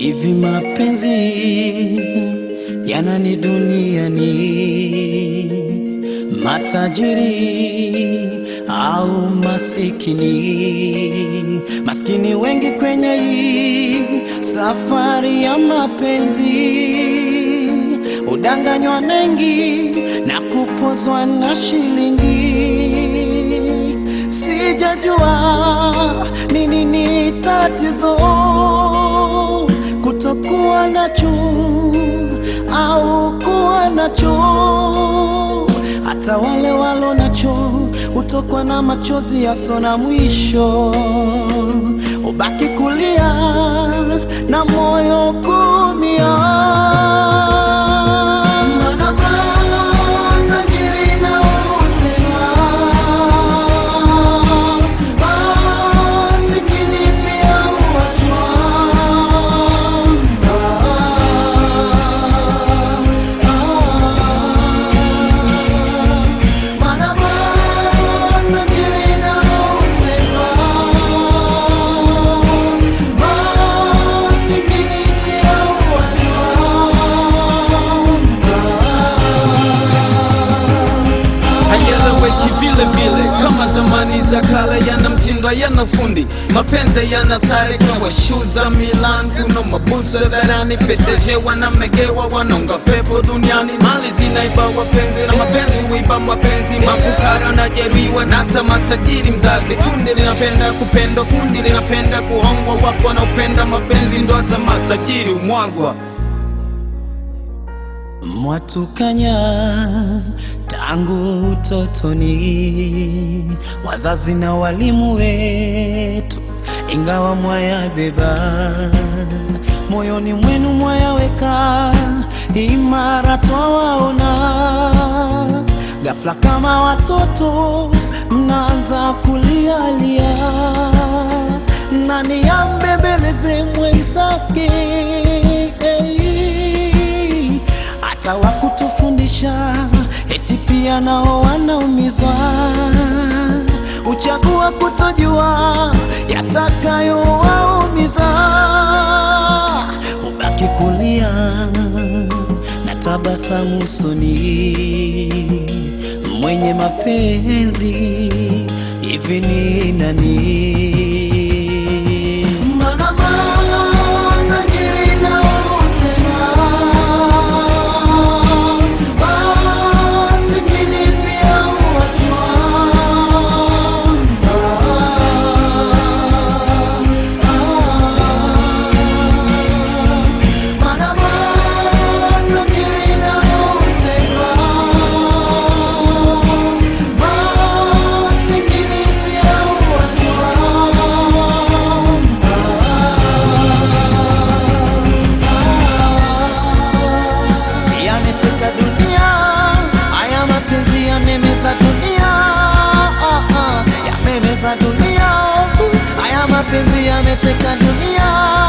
Hivi mapenzi yanani duniani, matajiri au masikini? Maskini wengi kwenye hii safari ya mapenzi hudanganywa mengi na kupozwa na shilingi. Sijajua ni nini tatizo nacho au kuwa nacho, hata wale walo nacho hutokwa na machozi yaso na mwisho, ubaki kulia Makala yana mtindo yana fundi mapenze yana sare kwa washuza milangu no mabuso dharani na megewa wanonga pepo duniani mali zinaiba wapenzi na mapenzi uiba mapenzi mafukara na na hata matajiri mzazi kundi linapenda kupendwa kundi linapenda kuongwa na wanaopenda mapenzi ndo hata matajiri umwagwa Mwatukanya tangu utotoni, wazazi na walimu wetu, ingawa mwayabeba moyoni mwenu, mwayaweka imara, twawaona ghafla kama watoto mnaanza kulia pia nao wanaumizwa, uchagua kutojua yatakayowaumiza, ubaki kulia na tabasamu usoni, mwenye mapenzi hivi ni nani? katika dunia